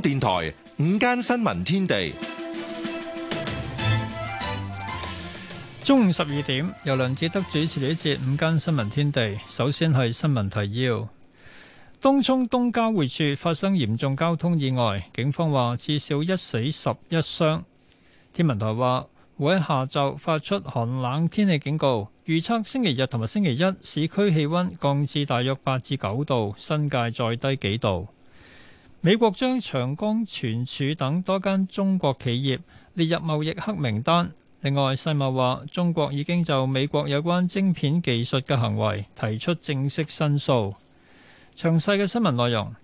電台午間新聞天地，中午十二點由梁志德主持呢節午間新聞天地。首先係新聞提要：東涌東交匯處發生嚴重交通意外，警方話至少一死十一傷。天文台話會喺下晝發出寒冷天氣警告，預測星期日同埋星期一市區氣溫降至大約八至九度，新界再低幾度。美國將長江存儲等多間中國企業列入貿易黑名單。另外，世貿話中國已經就美國有關晶片技術嘅行為提出正式申訴。詳細嘅新聞內容，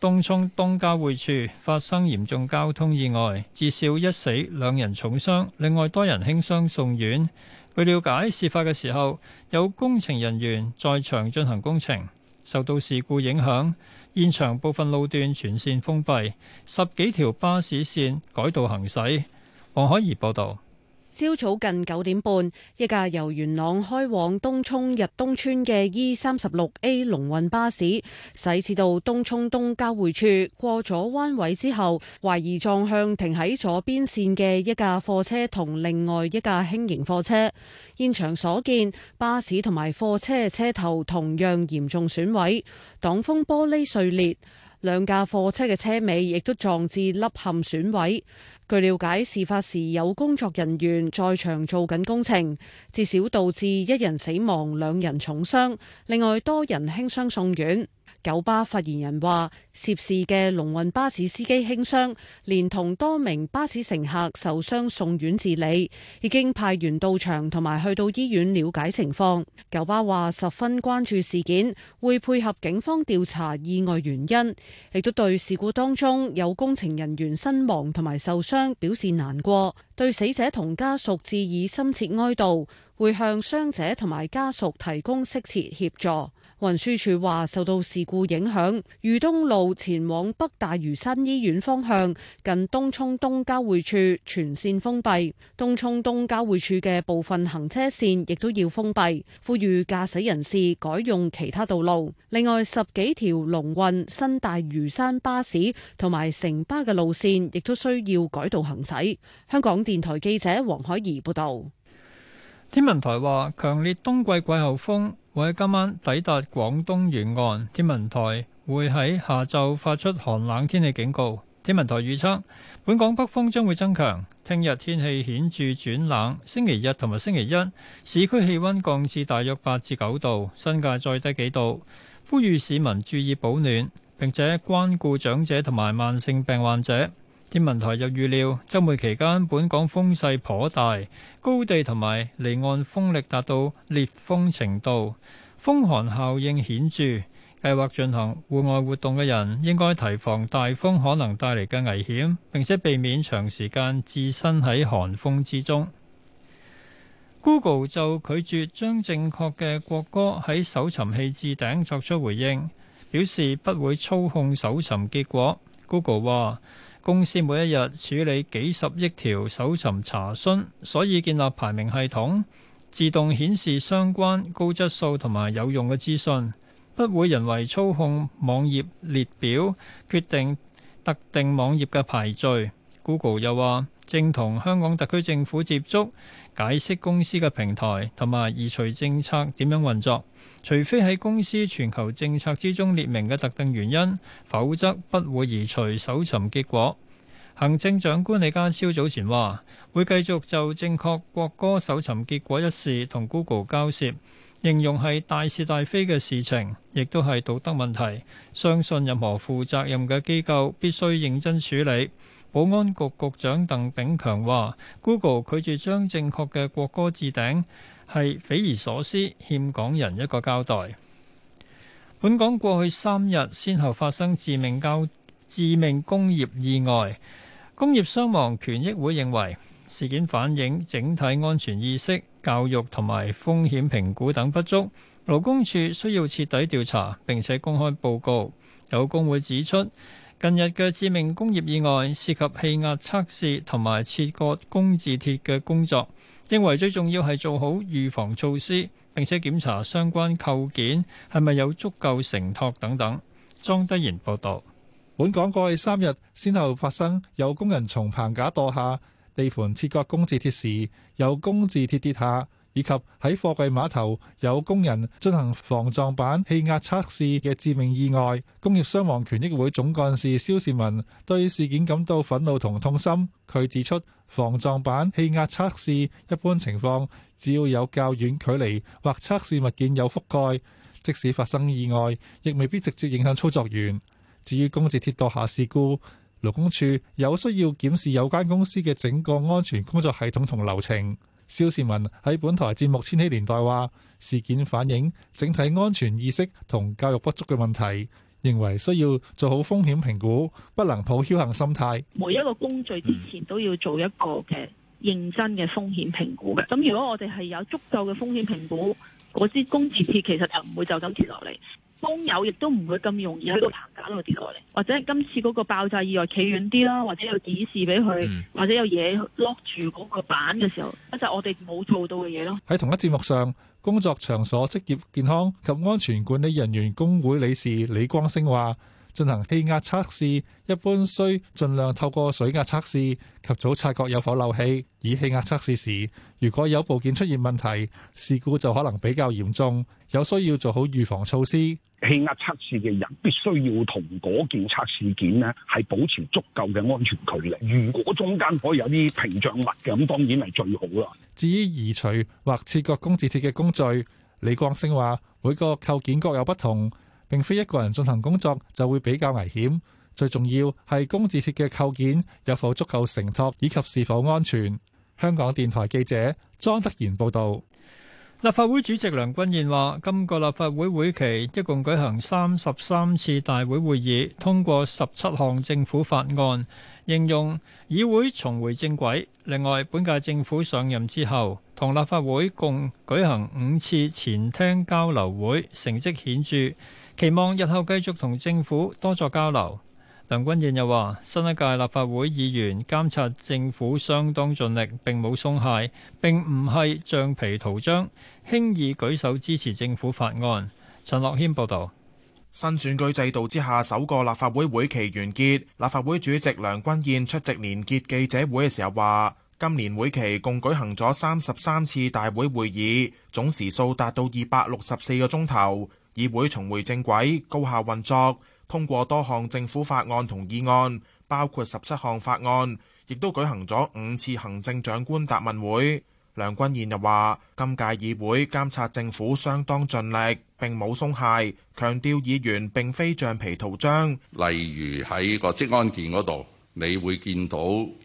東涌東交匯處發生嚴重交通意外，至少一死，兩人重傷，另外多人輕傷送院。據了解，事發嘅時候有工程人員在場進行工程，受到事故影響。現場部分路段全線封閉，十幾條巴士線改道行駛。王海怡報道。朝早近九點半，一架由元朗開往東涌日東村嘅 E 三十六 A 龍運巴士駛至到東涌東交匯處，過咗彎位之後，懷疑撞向停喺左邊綫嘅一架貨車同另外一架輕型貨車。現場所見，巴士同埋貨車嘅車頭同樣嚴重損毀，擋風玻璃碎裂；兩架貨車嘅車尾亦都撞至凹陷損毀。據了解，事發時有工作人員在場做緊工程，至少導致一人死亡，兩人重傷，另外多人輕傷送院。九巴發言人話，涉事嘅龍運巴士司機輕傷，連同多名巴士乘客受傷送院治理，已經派員到場同埋去到醫院了解情況。九巴話十分關注事件，會配合警方調查意外原因，亦都對事故當中有工程人員身亡同埋受傷表示難過，對死者同家屬致以深切哀悼，會向傷者同埋家屬提供適切協助。運輸署話，受到事故影響，裕東路前往北大嶼山醫院方向近東涌東交匯處全綫封閉，東涌東交匯處嘅部分行車綫亦都要封閉，呼籲駕駛人士改用其他道路。另外，十幾條龍運、新大嶼山巴士同埋城巴嘅路綫亦都需要改道行駛。香港電台記者黃海怡報道。天文台話，強烈冬季季候風。會喺今晚抵達廣東沿岸，天文台會喺下晝發出寒冷天氣警告。天文台預測，本港北風將會增強，聽日天氣顯著轉冷，星期日同埋星期一市區氣溫降至大約八至九度，新界再低幾度。呼籲市民注意保暖，並且關顧長者同埋慢性病患者。天文台又預料，週末期間本港風勢頗大，高地同埋離岸風力達到烈風程度，風寒效應顯著。計劃進行戶外活動嘅人應該提防大風可能帶嚟嘅危險，並且避免長時間置身喺寒風之中。Google 就拒絕將正確嘅國歌喺搜尋器置頂作出回應，表示不會操控搜尋結果。Google 話：公司每一日處理幾十億條搜尋查詢，所以建立排名系統，自動顯示相關高質素同埋有用嘅資訊，不會人為操控網頁列表，決定特定網頁嘅排序。Google 又話正同香港特區政府接觸，解釋公司嘅平台同埋移除政策點樣運作。除非喺公司全球政策之中列明嘅特定原因，否則不會移除搜尋結果。行政長官李家超早前話，會繼續就正確國歌搜尋結果一事同 Google 交涉，形容係大是大非嘅事情，亦都係道德問題，相信任何負責任嘅機構必須認真處理。保安局局長鄧炳強話，Google 拒絕將正確嘅國歌置頂。係匪夷所思，欠港人一個交代。本港過去三日，先後發生致命交、致命工業意外，工業傷亡權益會認為事件反映整體安全意識、教育同埋風險評估等不足。勞工處需要徹底調查並且公開報告。有工會指出，近日嘅致命工業意外涉及氣壓測試同埋切割工字鐵嘅工作。認為最重要係做好預防措施，並且檢查相關構件係咪有足夠承托等等。莊德賢報道，本港過去三日，先後發生有工人從棚架墮下，地盤切割工字鐵時，有工字鐵跌下，以及喺貨櫃碼頭有工人進行防撞板氣壓測試嘅致命意外，工業傷亡權益會總幹事蕭倩文對事件感到憤怒同痛心。佢指出，防撞板氣壓測試一般情況，只要有較遠距離或測試物件有覆蓋，即使發生意外，亦未必直接影響操作員。至於工字鐵道下事故，勞工處有需要檢視有關公司嘅整個安全工作系統同流程。蕭善文喺本台節目《千禧年代》話，事件反映整體安全意識同教育不足嘅問題，認為需要做好風險評估，不能抱僥倖心態。每一個工序之前都要做一個嘅認真嘅風險評估嘅。咁如果我哋係有足夠嘅風險評估，嗰支工字鐵其實就唔會就咁跌落嚟。工友亦都唔會咁容易喺個棚架度跌落嚟，或者今次嗰個爆炸意外企遠啲啦，或者有指示俾佢，或者有嘢 lock 住嗰個板嘅時候，就係、是、我哋冇做到嘅嘢咯。喺、嗯、同一節目上，工作場所職業健康及安全管理人員工會理事李光星話。進行氣壓測試，一般需盡量透過水壓測試及早察覺有否漏氣。以氣壓測試時，如果有部件出現問題，事故就可能比較嚴重，有需要做好預防措施。氣壓測試嘅人必須要同嗰件測試件呢係保持足夠嘅安全距離。如果中間可以有啲屏障物嘅，咁當然係最好啦。至於移除或切割工字鐵嘅工序，李國聲話每個構件各有不同。並非一個人進行工作就會比較危險。最重要係工字鐵嘅構件有否足夠承托，以及是否安全。香港電台記者莊德賢報道。立法會主席梁君彥話，今個立法會會期一共舉行三十三次大會會議，通過十七項政府法案，應用議會重回正軌。另外，本屆政府上任之後，同立法會共舉行五次前廳交流會，成績顯著。期望日後繼續同政府多作交流。梁君彥又話：新一屆立法會議員監察政府相當盡力，並冇鬆懈，並唔係橡皮圖章，輕易舉手支持政府法案。陳樂謙報導。新選舉制度之下，首個立法會會期完結，立法會主席梁君彥出席年結記者會嘅時候話：今年會期共舉行咗三十三次大會會議，總時數達到二百六十四個鐘頭。議會重回正軌，高效運作，通過多項政府法案同議案，包括十七項法案，亦都舉行咗五次行政長官答問會。梁君彥又話：今屆議會監察政府相當盡力，並冇鬆懈，強調議員並非橡皮圖章。例如喺個職安件嗰度，你會見到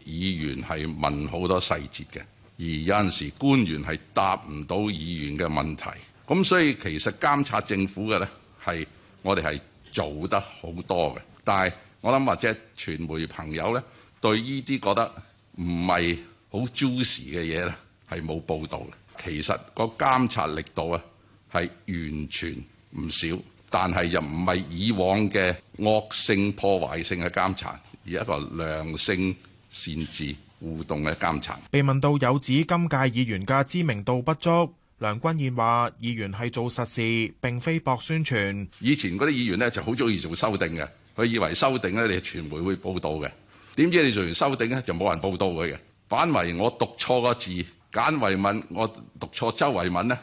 議員係問好多細節嘅，而有陣時官員係答唔到議員嘅問題。咁、嗯、所以其實監察政府嘅咧，係我哋係做得好多嘅。但係我諗或者傳媒朋友咧，對呢啲覺得唔係好 juicy 嘅嘢咧，係冇報道嘅。其實個監察力度啊，係完全唔少，但係又唔係以往嘅惡性破壞性嘅監察，而一個良性善治互動嘅監察。被問到有指今屆議員嘅知名度不足？梁君彥話：議員係做實事，並非博宣傳。以前嗰啲議員咧就好中意做修訂嘅，佢以為修訂咧，你傳媒會報道嘅。點知你做完修訂咧，就冇人報道佢嘅。反為我讀錯個字，簡慧敏我讀錯周慧敏咧，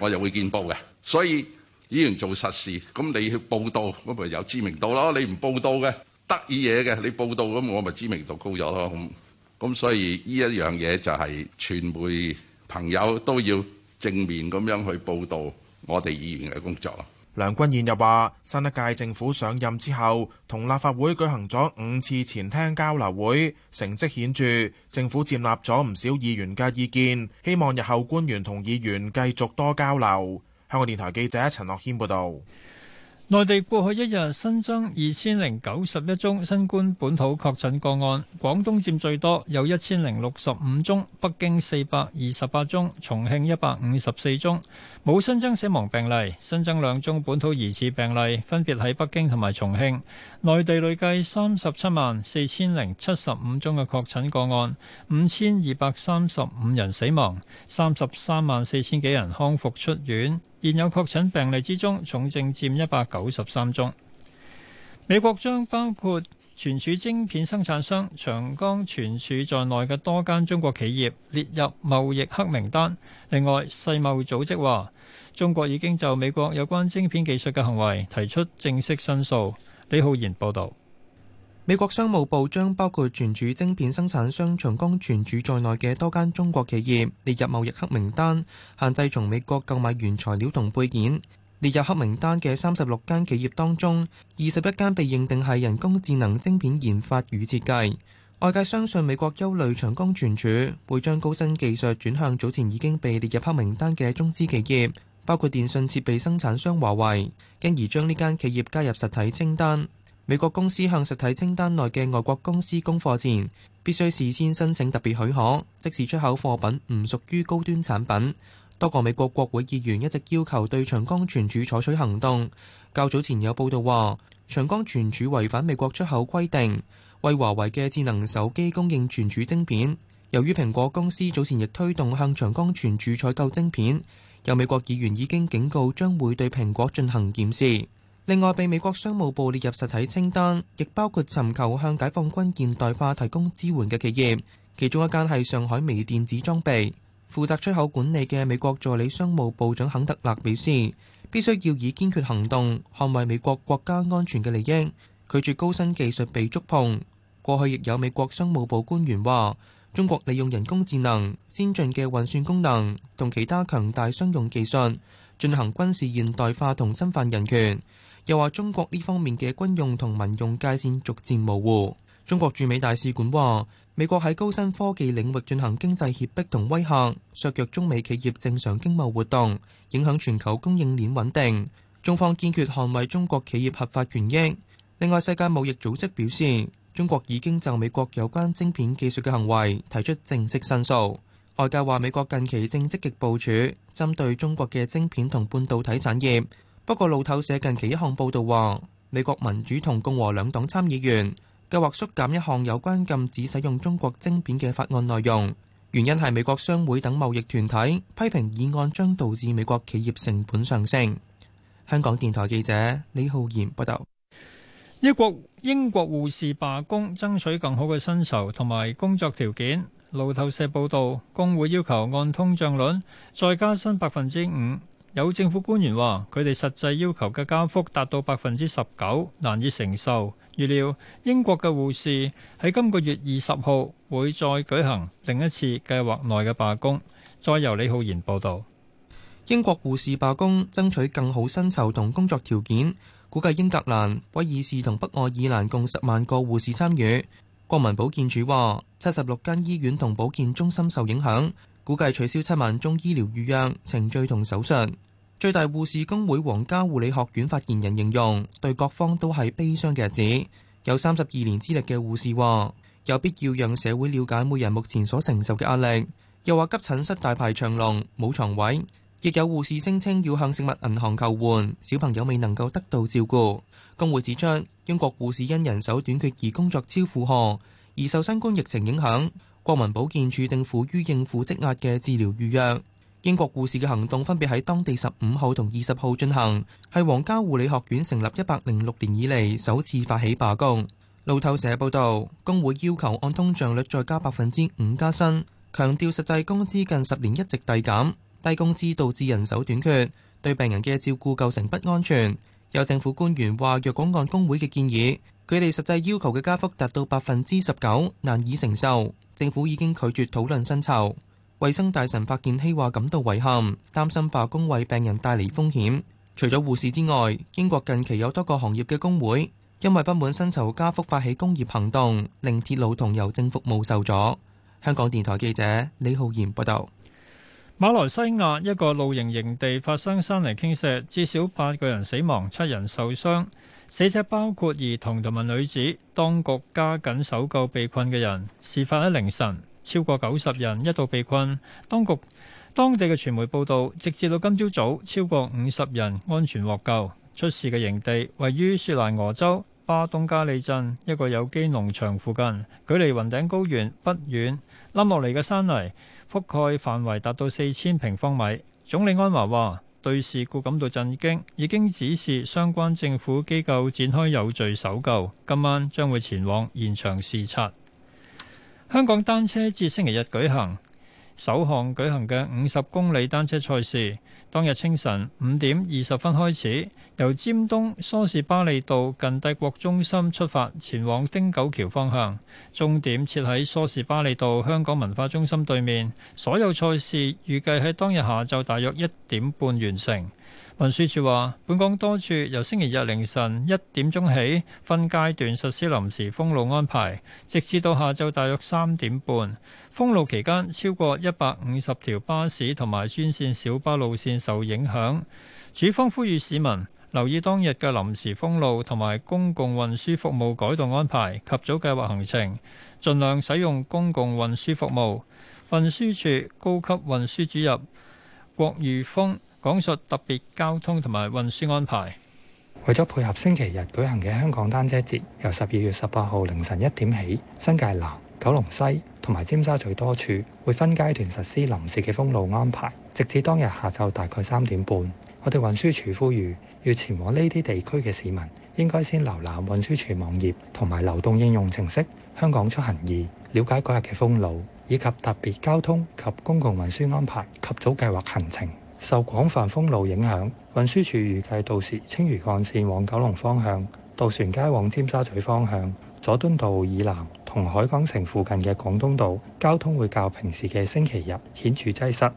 我就會見報嘅。所以議員做實事，咁你去報道，咁咪有知名度咯。你唔報道嘅得意嘢嘅，你報道咁我咪知名度高咗咯。咁咁所以呢一樣嘢就係傳媒朋友都要。正面咁樣去報導我哋議員嘅工作。梁君彥又話：新一屆政府上任之後，同立法會舉行咗五次前廳交流會，成績顯著，政府接納咗唔少議員嘅意見。希望日後官員同議員繼續多交流。香港電台記者陳樂軒報導。內地過去一日新增二千零九十一宗新冠本土確診個案，廣東佔最多，有一千零六十五宗；北京四百二十八宗，重慶一百五十四宗，冇新增死亡病例，新增兩宗本土疑似病例，分別喺北京同埋重慶。內地累計三十七萬四千零七十五宗嘅確診個案，五千二百三十五人死亡，三十三萬四千幾人康復出院。現有確診病例之中，重症佔一百九十三宗。美國將包括存儲晶片生產商長江存儲在內嘅多間中國企業列入貿易黑名單。另外，世貿組織話，中國已經就美國有關晶片技術嘅行為提出正式申訴。李浩然報道。美國商務部將包括存儲晶片生產商長江存儲在內嘅多間中國企業列入貿易黑名單，限制從美國購買原材料同配件。列入黑名單嘅三十六間企業當中，二十一間被認定係人工智能晶片研發與設計。外界相信美國憂慮長江存儲會將高新技術轉向早前已經被列入黑名單嘅中資企業，包括電信設備生產商華為，因而將呢間企業加入實體清單。美國公司向實體清單內嘅外國公司供貨前，必須事先申請特別許可，即使出口貨品唔屬於高端產品。多個美國國會議員一直要求對長江存儲採取行動。較早前有報道話，長江存儲違反美國出口規定，為華為嘅智能手機供應存儲晶片。由於蘋果公司早前亦推動向長江存儲採購晶片，有美國議員已經警告將會對蘋果進行檢視。另外，被美國商務部列入實體清單，亦包括尋求向解放軍現代化提供支援嘅企業，其中一間係上海微電子裝備。負責出口管理嘅美國助理商務部長肯特勒表示，必須要以堅決行動捍衛美國國家安全嘅利益，拒絕高新技術被觸碰。過去亦有美國商務部官員話，中國利用人工智能先進嘅運算功能同其他強大商用技術進行軍事現代化同侵犯人權。又話中國呢方面嘅軍用同民用界線逐漸模糊。中國駐美大使館話：美國喺高新科技領域進行經濟脅迫同威嚇，削弱中美企業正常經貿活動，影響全球供應鏈穩定。中方堅決捍衛中國企業合法權益。另外，世界貿易組織表示，中國已經就美國有關晶片技術嘅行為提出正式申訴。外界話美國近期正積極部署針對中國嘅晶片同半導體產業。.不過，路透社近期一項報導話，美國民主同共和兩黨參議員計劃縮減一項有關禁止使用中國晶片嘅法案內容，原因係美國商會等貿易團體批評議案將導致美國企業成本上升。香港電台記者李浩然報道。英國英國護士罷工爭取更好嘅薪酬同埋工作條件。路透社報導，工會要求按通脹率再加薪百分之五。有政府官員話：佢哋實際要求嘅加幅達到百分之十九，難以承受。預料英國嘅護士喺今個月二十號會再舉行另一次計劃內嘅罷工。再由李浩然報導。英國護士罷工爭取更好薪酬同工作條件，估計英格蘭、威爾士同北愛爾蘭共十萬個護士參與。國民保健署話：七十六間醫院同保健中心受影響，估計取消七萬宗醫療預約程序同手術。最大護士公會皇家護理學院發言人形容，對各方都係悲傷嘅日子。有三十二年資歷嘅護士話，有必要讓社會了解每人目前所承受嘅壓力。又話急診室大排長龍，冇床位。亦有護士聲稱要向食物銀行求援，小朋友未能夠得到照顧。公會指出，英國護士因人手短缺而工作超負荷，而受新冠疫情影響，國民保健署正苦於應付積壓嘅治療預約。英國護士嘅行動分別喺當地十五號同二十號進行，係皇家護理學院成立一百零六年以嚟首次發起罷工。路透社報道，工會要求按通脹率再加百分之五加薪，強調實際工資近十年一直遞減，低工資導致人手短缺，對病人嘅照顧構成不安全。有政府官員話，若果按工會嘅建議，佢哋實際要求嘅加幅達到百分之十九，難以承受。政府已經拒絕討論薪酬。衛生大臣白健希話感到遺憾，擔心罷工為病人帶嚟風險。除咗護士之外，英國近期有多個行業嘅工會因為不滿薪酬加幅發起工業行動，令鐵路同郵政服務受阻。香港電台記者李浩然報道：馬來西亞一個露營營地發生山泥傾瀉，至少八個人死亡，七人受傷，死者包括兒童同埋女子。當局加緊搜救被困嘅人。事發喺凌晨。超過九十人一度被困，當局當地嘅傳媒報道，直至到今朝早，早，超過五十人安全獲救。出事嘅營地位於雪蘭莪州巴東加里鎮一個有機農場附近，距離雲頂高原不遠。冧落嚟嘅山泥覆蓋範圍達到四千平方米。總理安華話：對事故感到震驚，已經指示相關政府機構展開有序搜救，今晚將會前往現場視察。香港單車節星期日舉行首項舉行嘅五十公里單車賽事，當日清晨五點二十分開始，由尖東梳士巴利道近帝國中心出發，前往汀九橋方向，終點設喺梳士巴利道香港文化中心對面。所有賽事預計喺當日下晝大約一點半完成。運輸署話，本港多處由星期日凌晨一點鐘起分階段實施臨時封路安排，直至到下晝大約三點半。封路期間，超過一百五十條巴士同埋專線小巴路線受影響。署方呼籲市民留意當日嘅臨時封路同埋公共運輸服務改動安排，及早計劃行程，盡量使用公共運輸服務。運輸署高級運輸主任郭如峰。講述特別交通同埋運輸安排，為咗配合星期日舉行嘅香港單車節，由十二月十八號凌晨一點起，新界南、九龍西同埋尖沙咀多處會分階段實施臨時嘅封路安排，直至當日下晝大概三點半。我哋運輸處呼籲要前往呢啲地區嘅市民，應該先瀏覽運輸處網頁同埋流動應用程式《香港出行易》，了解嗰日嘅封路以及特別交通及公共運輸安排，及早計劃行程。受廣泛封路影響，運輸署預計到時青嶼幹線往九龍方向、渡船街往尖沙咀方向、佐敦道以南同海港城附近嘅廣東道交通會較平時嘅星期日顯著擠塞。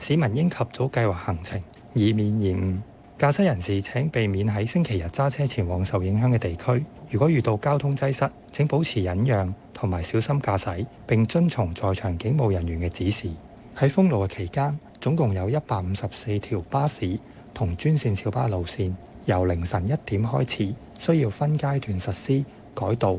市民應及早計劃行程，以免延誤。駕駛人士請避免喺星期日揸車前往受影響嘅地區。如果遇到交通擠塞，請保持忍讓同埋小心駕駛，並遵從在場警務人員嘅指示。喺封路嘅期間，總共有一百五十四條巴士同專線小巴路線，由凌晨一點開始，需要分階段實施改道、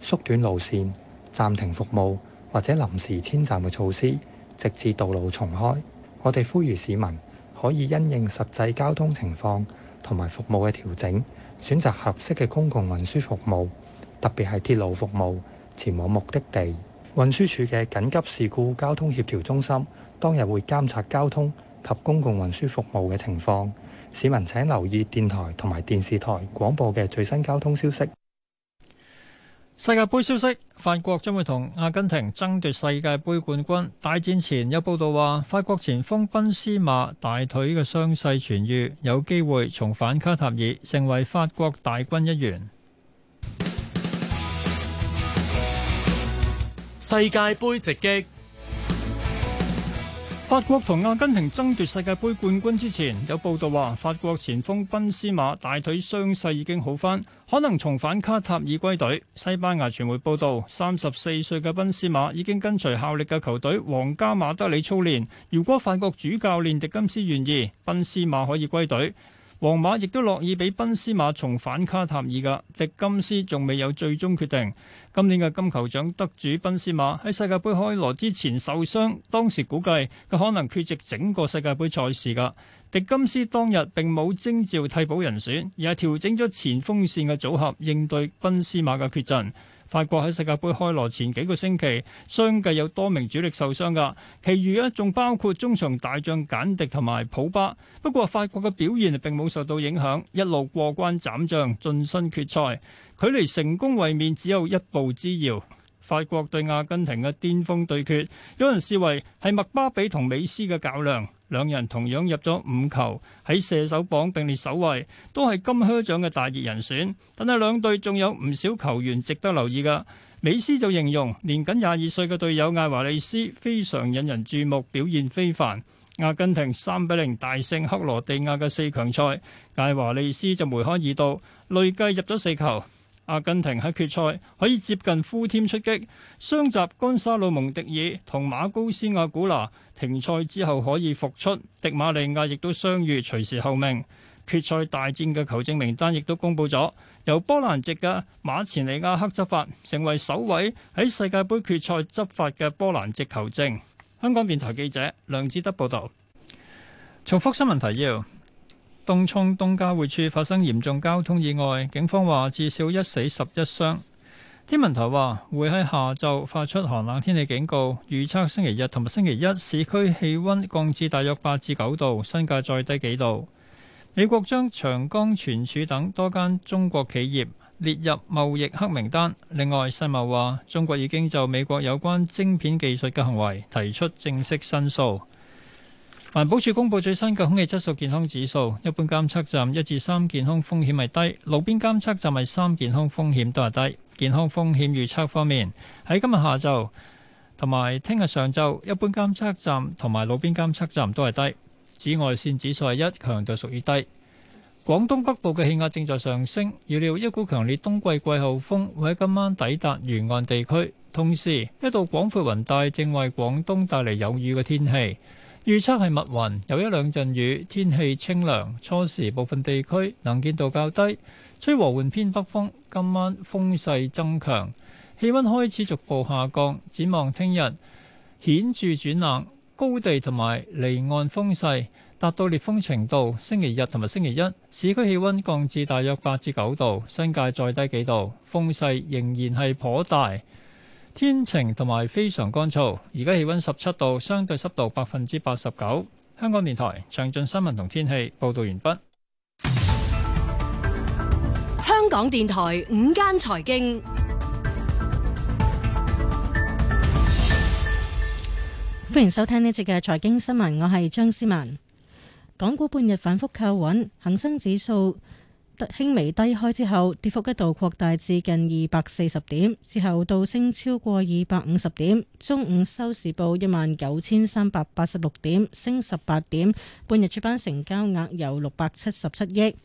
縮短路線、暫停服務或者臨時遷站嘅措施，直至道路重開。我哋呼籲市民可以因應實際交通情況同埋服務嘅調整，選擇合適嘅公共運輸服務，特別係鐵路服務，前往目的地。運輸署嘅緊急事故交通協調中心當日會監察交通及公共運輸服務嘅情況，市民請留意電台同埋電視台廣播嘅最新交通消息。世界盃消息，法國將會同阿根廷爭奪世界盃冠軍。大戰前有報道話，法國前鋒賓斯馬大腿嘅傷勢痊癒，有機會重返卡塔爾，成為法國大軍一員。世界杯直擊，法國同阿根廷爭奪世界杯冠軍之前，有報道話法國前鋒賓斯馬大腿傷勢已經好翻，可能重返卡塔爾歸隊。西班牙傳媒報道，三十四歲嘅賓斯馬已經跟隨效力嘅球隊皇家馬德里操練，如果法國主教練迪金斯願意，賓斯馬可以歸隊。皇馬亦都樂意俾賓斯馬重返卡塔爾噶，迪金斯仲未有最終決定。今年嘅金球獎得主賓斯馬喺世界盃開鑼之前受傷，當時估計佢可能缺席整個世界盃賽事噶。迪金斯當日並冇徵召替補人選，而係調整咗前鋒線嘅組合應對賓斯馬嘅缺陣。法國喺世界杯開鑼前幾個星期,相繼有多名主力受傷㗎。其餘仲包括中場大將簡迪同埋普巴。不過,法國嘅表現並冇受到影響,一路過關斬將,晉身決賽。距離成功衛冕只有一步之遙。法國對阿根廷嘅巔峰對決,有人視為係麥巴比同美斯嘅較量。兩人同樣入咗五球，喺射手榜並列首位，都係金靴獎嘅大熱人選。但係兩隊仲有唔少球員值得留意㗎。美斯就形容年僅廿二歲嘅隊友艾華利斯非常引人注目，表現非凡。阿根廷三比零大勝克羅地亞嘅四強賽，艾華利斯就梅開二度，累計入咗四球。阿根廷喺決賽可以接近 full team 出擊，雙閘干沙魯蒙迪爾同馬高斯亞古拿停賽之後可以復出，迪馬利亞亦都傷愈隨時候命。決賽大戰嘅球證名單亦都公布咗，由波蘭籍嘅馬前尼亞克執法，成為首位喺世界盃決賽執法嘅波蘭籍球證。香港電台記者梁志德報道：「重複新聞提要。東涌東交匯處發生嚴重交通意外，警方話至少一死十一傷。天文台話會喺下晝發出寒冷天氣警告，預測星期日同埋星期一市區氣溫降至大約八至九度，新界再低幾度。美國將長江存儲等多間中國企業列入貿易黑名單。另外，世貿話中國已經就美國有關晶片技術嘅行為提出正式申訴。環保署公布最新嘅空氣質素健康指數，一般監測站一至三健康風險係低，路邊監測站係三健康風險都係低。健康風險預測方面，喺今日下晝同埋聽日上晝，一般監測站同埋路邊監測站都係低。紫外線指數係一，強度屬於低。廣東北部嘅氣壓正在上升，預料一股強烈冬季季候風會喺今晚抵達沿岸地區，同時一道廣闊雲帶正為廣東帶嚟有雨嘅天氣。預測係密雲，有一兩陣雨，天氣清涼，初時部分地區能見度較低，吹和緩偏北風，今晚風勢增強，氣温開始逐步下降。展望聽日顯著轉冷，高地同埋離岸風勢達到烈風程度。星期日同埋星期一，市區氣温降至大約八至九度，新界再低幾度，風勢仍然係頗大。天晴同埋非常乾燥，而家氣温十七度，相對濕度百分之八十九。香港電台詳盡新聞同天氣報導完畢。香港電台午間財經，歡迎收聽呢節嘅財經新聞，我係張思文。港股半日反覆靠穩，恒生指數，得輕微低開之後，跌幅一度,度擴大至近二百四十點，之後倒升超過二百五十點。中午收市報一萬九千三百八十六點，升十八點。半日出班成交額由六百七十七億。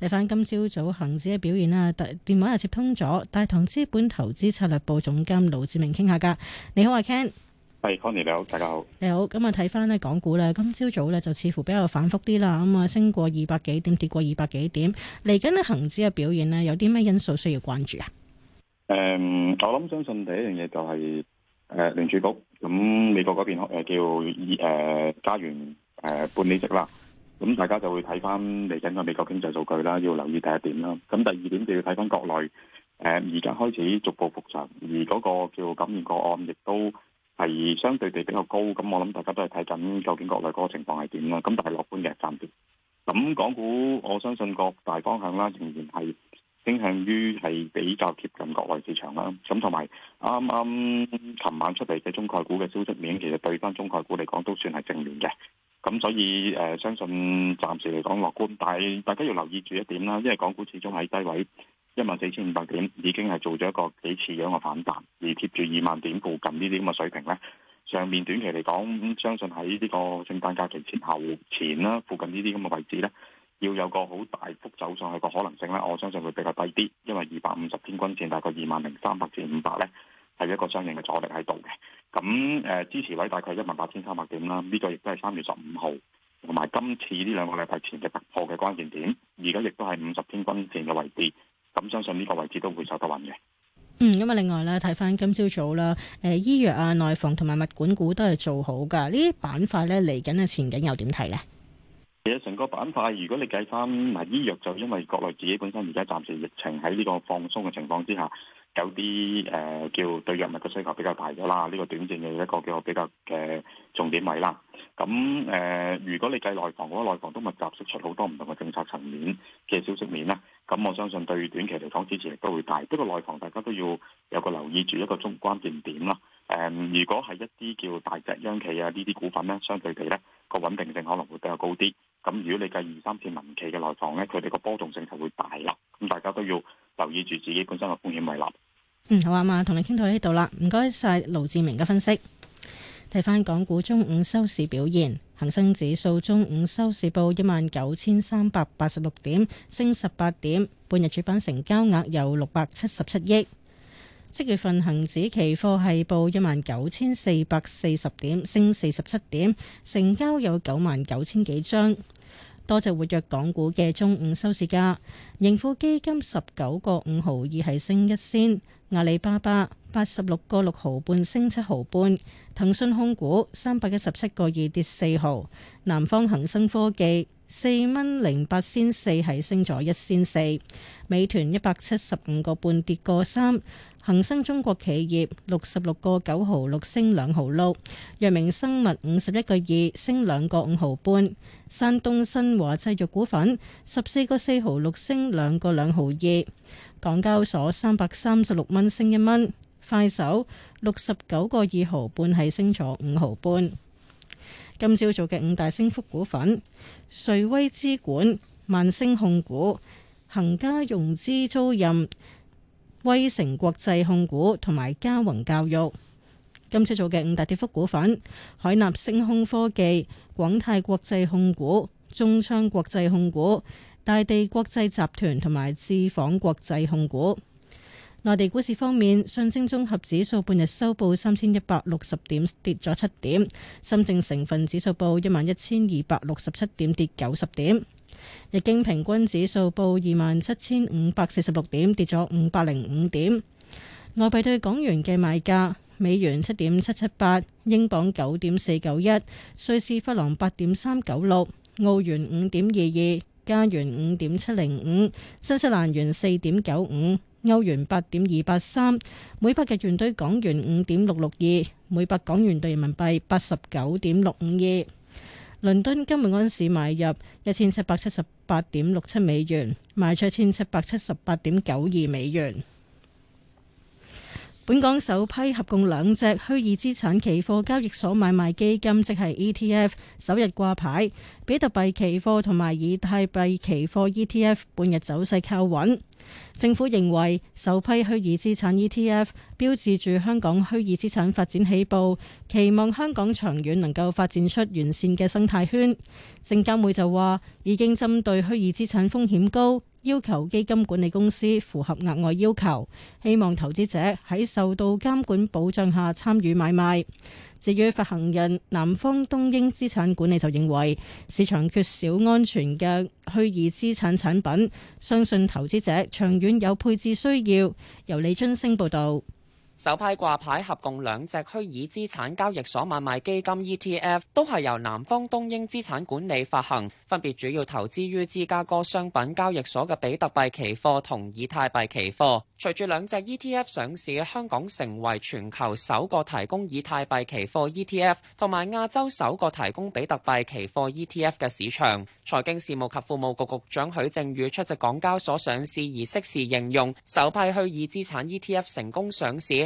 睇翻今朝早,早恆指嘅表現啦，大電話又接通咗大唐資本投資策略部總監盧志明傾下偈。你好，阿 Ken。係 Conny 你好，大家好。你好，咁啊睇翻咧港股咧，今朝早咧就似乎比較反覆啲啦，咁、嗯、啊升過二百幾點，跌過二百幾點。嚟緊咧恆指嘅表現咧，有啲咩因素需要關注啊？誒、嗯，我諗相信第一樣嘢就係誒聯儲局咁、嗯、美國嗰邊誒叫二誒加元誒半厘值啦。咁、嗯、大家就會睇翻嚟緊嘅美國經濟數據啦，要留意第一點啦。咁、嗯、第二點就要睇翻國內誒而家開始逐步復常，而嗰個叫感染個案亦都。係相對地比較高，咁我諗大家都係睇緊究竟國內嗰個情況係點啦，咁但係樂觀嘅，暫時。咁港股我相信各大方向啦，仍然係傾向於係比較貼近國內市場啦。咁同埋啱啱琴晚出嚟嘅中概股嘅消息面，其實對翻中概股嚟講都算係正面嘅。咁所以誒、呃，相信暫時嚟講樂觀，但係大家要留意住一點啦，因為港股始終喺低位，一萬四千五百點已經係做咗一個幾次嘅一個反彈，而貼住二萬點附近呢啲咁嘅水平呢，上面短期嚟講、嗯，相信喺呢個聖誕假期前後前啦，附近呢啲咁嘅位置呢，要有個好大幅走上去嘅可能性呢，我相信會比較低啲，因為二百五十天均線大概二萬零三百至五百呢，係一個相應嘅阻力喺度嘅。咁誒、呃、支持位大概一萬八千三百點啦，呢、這個亦都係三月十五號同埋今次呢兩個禮拜前嘅突破嘅關鍵點，而家亦都係五十天均線嘅位置。咁相信呢個位置都會受得穩嘅。嗯，咁啊，另外咧，睇翻今朝早啦，誒、呃，醫藥啊、內房同埋物管股都係做好噶。呢啲板塊咧，嚟緊嘅前景又點睇咧？其實成個板塊，如果你計翻埋醫藥，就因為國內自己本身而家暫時疫情喺呢個放鬆嘅情況之下。有啲誒叫對藥物嘅需求比較大咗啦，呢、這個短線嘅一個叫比較嘅重點位啦。咁誒、呃，如果你計內房嘅話，那個、內房都密集釋出好多唔同嘅政策層面嘅消息面咧。咁我相信對短期嚟講，支持亦都會大。不過內房大家都要有個留意住一個中關鍵點啦。誒、呃，如果係一啲叫大隻央企啊呢啲股份呢，相對地呢個穩定性可能會比較高啲。咁如果你計二三線民企嘅內房呢，佢哋個波動性就會大啦。咁大家都要留意住自己本身嘅風險位啦。嗯，好啊，嘛，同你傾到呢度啦。唔該晒盧志明嘅分析。睇返港股中午收市表現，恒生指數中午收市報一萬九千三百八十六點，升十八點。半日主板成交額有六百七十七億。即月份恒指期貨係報一萬九千四百四十點，升四十七點，成交有九萬九千幾張。多隻活躍港股嘅中午收市價，盈富基金十九個五毫二係升一仙，阿里巴巴八十六個六毫半升七毫半，騰訊控股三百一十七個二跌四毫，南方恒生科技四蚊零八仙四係升咗一仙四，美團一百七十五個半跌個三。恒生中國企業六十六個九毫六升兩毫六，藥明生物五十一個二升兩個五毫半，山東新華製藥股份十四個四毫六升兩個兩毫二，港交所三百三十六蚊升一蚊，快手六十九個二毫半係升咗五毫半。今朝早嘅五大升幅股份：瑞威資管、萬星控股、恒家融資租賃。威誠國際控股同埋嘉宏教育。今次做嘅五大跌幅股份：海納星空科技、廣泰國際控股、中昌國際控股、大地國際集團同埋智仿國際控股。內地股市方面，上證綜合指數半日收報三千一百六十點，跌咗七點；深圳成分指數報一萬一千二百六十七點，跌九十點。日經平均指數報二萬七千五百四十六點，跌咗五百零五點。外幣對港元嘅賣價：美元七點七七八，英鎊九點四九一，瑞士法郎八點三九六，澳元五點二二，加元五點七零五，新西蘭元四點九五，歐元八點二八三，每百日元對港元五點六六二，每百港元對人民幣八十九點六五二。倫敦金每盎司買入一千七百七十八點六七美元，賣出一千七百七十八點九二美元。本港首批合共兩隻虛擬資產期貨交易所買賣基金，即係 ETF，首日掛牌。比特幣期貨同埋以太幣期貨 ETF 半日走勢靠穩。政府認為首批虛擬資產 ETF 標誌住香港虛擬資產發展起步，期望香港長遠能夠發展出完善嘅生態圈。證監會就話已經針對虛擬資產風險高。要求基金管理公司符合額外要求，希望投資者喺受到監管保障下參與買賣。至於發行人南方東英資產管理就認為，市場缺少安全嘅虛擬資產產品，相信投資者長遠有配置需要。由李津星報道。首批掛牌合共兩隻虛擬資產交易所買賣基金 ETF，都係由南方東英資產管理發行，分別主要投資於芝加哥商品交易所嘅比特幣期貨同以太幣期貨。隨住兩隻 ETF 上市，香港成為全球首個提供以太幣期貨 ETF，同埋亞洲首個提供比特幣期貨 ETF 嘅市場。財經事務及庫務局局、局長許正宇出席港交所上市儀式時形容首批虛擬資產 ETF 成功上市。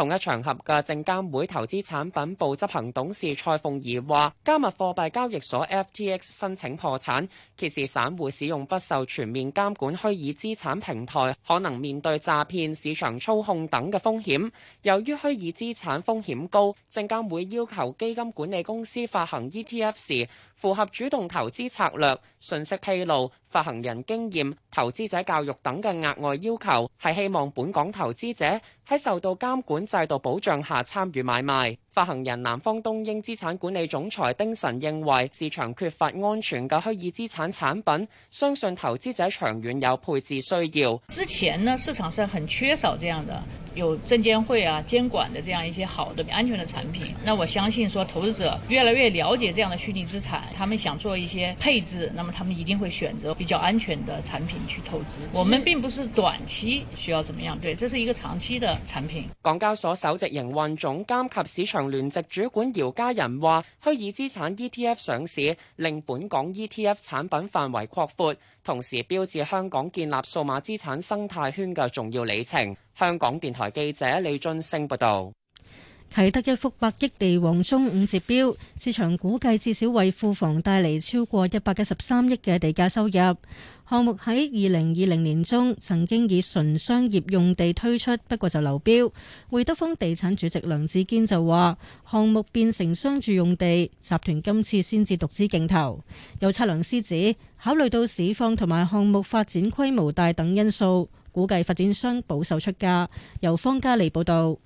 同一場合嘅證監會投資產品部執行董事蔡鳳儀話：加密貨幣交易所 FTX 申請破產，揭示散戶使用不受全面監管虛擬資產平台，可能面對詐騙、市場操控等嘅風險。由於虛擬資產風險高，證監會要求基金管理公司發行 ETF 時符合主動投資策略、信息披露、發行人經驗、投資者教育等嘅額外要求，係希望本港投資者喺受到監管制度保障下參與買賣。發行人南方東英資產管理總裁丁晨認為，市場缺乏安全嘅虛擬資產產品，相信投資者長遠有配置需要。之前呢，市場上很缺少這樣的有證監會啊監管的這樣一些好的安全的產品。那我相信說，投資者越來越了解這樣的虛擬資產，他們想做一些配置，那麼他們一定會選擇比較安全的產品去投資。 我們並不是短期需要怎麼樣，對，這是一個長期的產品。港交所首席營運總監及市場聯席主管姚家仁話：虛擬資產 ETF 上市，令本港 ETF 產品範圍擴闊，同時標誌香港建立數碼資產生態圈嘅重要里程。香港電台記者李俊升報道。啟德一幅百億地王中午折標，市場估計至少為庫房帶嚟超過一百一十三億嘅地價收入。項目喺二零二零年中曾經以純商業用地推出，不過就流標。會德豐地產主席梁志堅就話，項目變成商住用地，集團今次先至獨資競投。有測量師指，考慮到市況同埋項目發展規模大等因素，估計發展商保守出價。由方嘉利報導。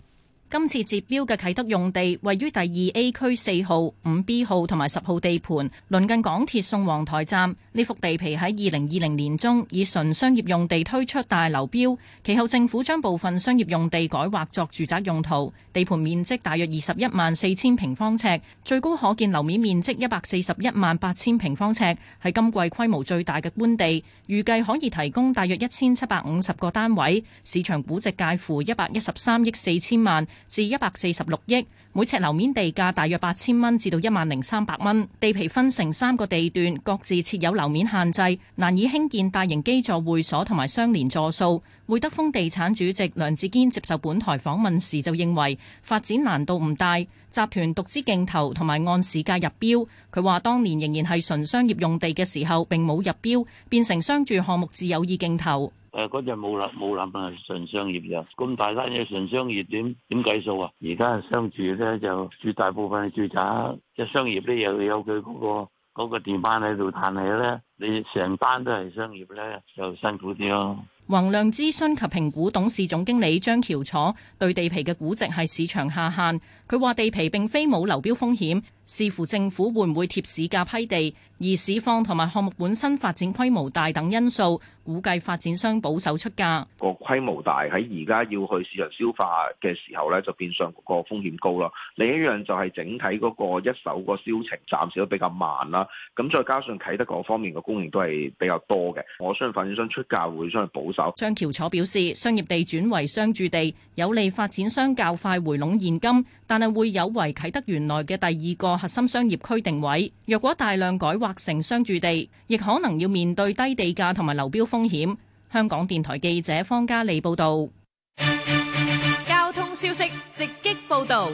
今次截標嘅啟德用地位於第二 A 區四號、五 B 號同埋十號地盤，鄰近港鐵宋皇台站。呢幅地皮喺二零二零年中以純商業用地推出大流標，其後政府將部分商業用地改劃作住宅用途。地盤面積大約二十一萬四千平方尺，最高可建樓面面積一百四十一萬八千平方尺，係今季規模最大嘅官地，預計可以提供大約一千七百五十個單位，市場估值介乎一百一十三億四千萬，至一百四十六億，每尺樓面地價大約八千蚊至到一萬零三百蚊。地皮分成三個地段，各自設有樓面限制，難以興建大型基座會所同埋相連座數。會德豐地產主席梁志堅接受本台訪問時就認為發展難度唔大，集團獨資競投同埋按市價入標。佢話當年仍然係純商業用地嘅時候並冇入標，變成商住項目至有意競投。誒，嗰陣冇諗冇諗係純商業嘅，咁大單嘢純商業點點計數啊？而家係商住咧，就絕大部分係住宅，即商業咧又有佢嗰個嗰電班喺度彈嘢咧，你成班都係商業咧，就辛苦啲咯。宏亮諮詢及評估董事總經理張翹楚對地皮嘅估值係市場下限，佢話地皮並非冇流標風險，視乎政府會唔會貼市價批地。而市況同埋項目本身發展規模大等因素，估計發展商保守出價。個規模大喺而家要去市場消化嘅時候呢就變相個風險高啦。另一樣就係整體嗰個一手個銷情暫時都比較慢啦。咁再加上啟德嗰方面嘅供應都係比較多嘅，我相信發展商出價會相對保守。張橋楚表示，商業地轉為商住地，有利發展商較快回籠現金，但係會有違啟德原來嘅第二個核心商業區定位。若果大量改或成商住地，亦可能要面對低地價同埋流標風險。香港電台記者方嘉利報道。交通消息直擊報道。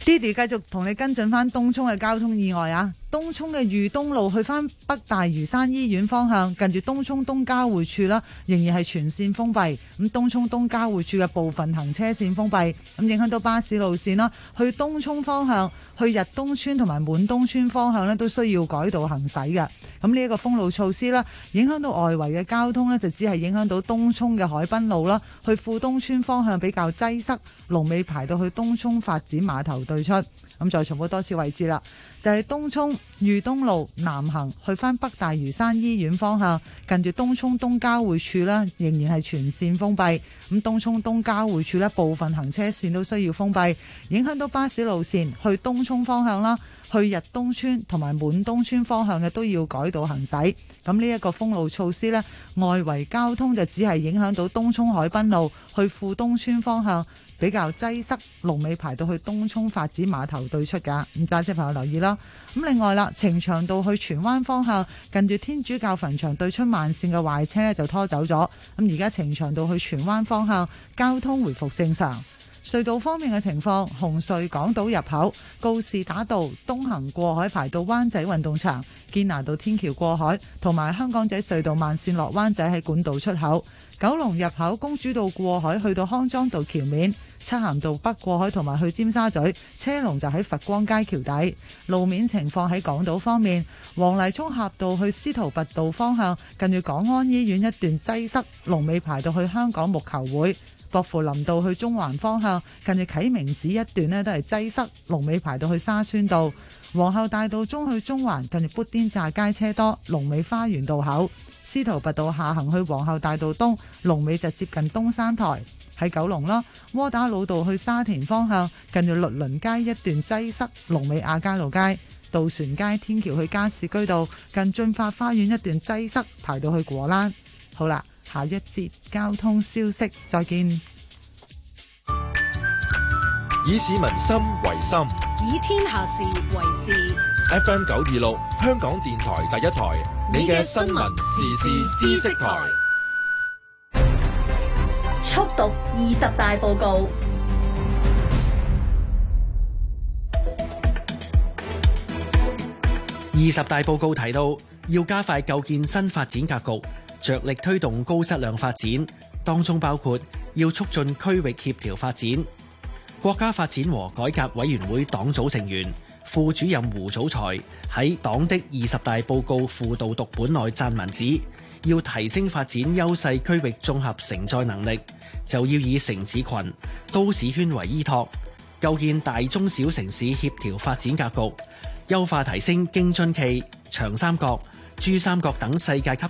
Diddy 繼續同你跟進翻東涌嘅交通意外啊！東涌嘅裕東路去翻北大嶼山醫院方向，近住東涌東交匯處啦，仍然係全線封閉。咁東涌東交匯處嘅部分行車線封閉，咁影響到巴士路線啦，去東涌方向、去日東村同埋滿東村方向呢，都需要改道行駛嘅。咁呢一個封路措施啦，影響到外圍嘅交通呢，就只係影響到東涌嘅海濱路啦，去富東村方向比較擠塞，龍尾排到去東涌發展碼頭對出。咁再重複多次位置啦，就係東涌。裕東路南行去返北大嶼山醫院方向，近住東涌東交匯處啦，仍然係全線封閉。咁東涌東交匯處呢部分行車線都需要封閉，影響到巴士路線去東涌方向啦。去日東村同埋滿東村方向嘅都要改道行駛，咁呢一個封路措施呢，外圍交通就只係影響到東涌海濱路去富東村方向比較擠塞，龍尾排到去東涌發展碼頭對出㗎。咁揸車朋友留意啦。咁另外啦，呈祥道去荃灣方向近住天主教墳場對出慢線嘅壞車呢就拖走咗。咁而家呈祥道去荃灣方向交通回復正常。隧道方面嘅情況，紅隧港島入口、告士打道東行過海排到灣仔運動場、堅拿道天橋過海，同埋香港仔隧道慢線落灣仔喺管道出口；九龍入口公主道過海去到康莊道橋面、漆鹹道北過海同埋去尖沙咀車龍就喺佛光街橋底。路面情況喺港島方面，黃泥涌峽道去司徒拔道方向近住港安醫院一段擠塞，龍尾排到去香港木球會。薄扶林道去中環方向，近住啟明寺一段呢都係擠塞，龍尾排到去沙宣道；皇后大道中去中環，近住砵甸乍街車多，龍尾花園道口；司徒拔道下行去皇后大道東，龍尾就接近東山台喺九龍咯；窩打老道去沙田方向，近住律倫街一段擠塞，龍尾亞皆老街、渡船街天橋去加士居道，近駿發花園一段擠塞，排到去果欄。好啦。下一節交通消息，再見。以市民心為心，以天下事為事。FM 九二六，香港電台第一台，你嘅新聞時事知識台。速讀二十大報告。二十大報告提到，要加快構建新發展格局。着力推動高質量發展，當中包括要促進區域協調發展。國家發展和改革委員會黨組成員副主任胡祖才喺黨的二十大報告輔導讀本內撰文指，要提升發展優勢區域綜合承載能力，就要以城市群、都市圈為依託，構建大中小城市協調發展格局，優化提升京津冀、長三角、珠三角等世界級。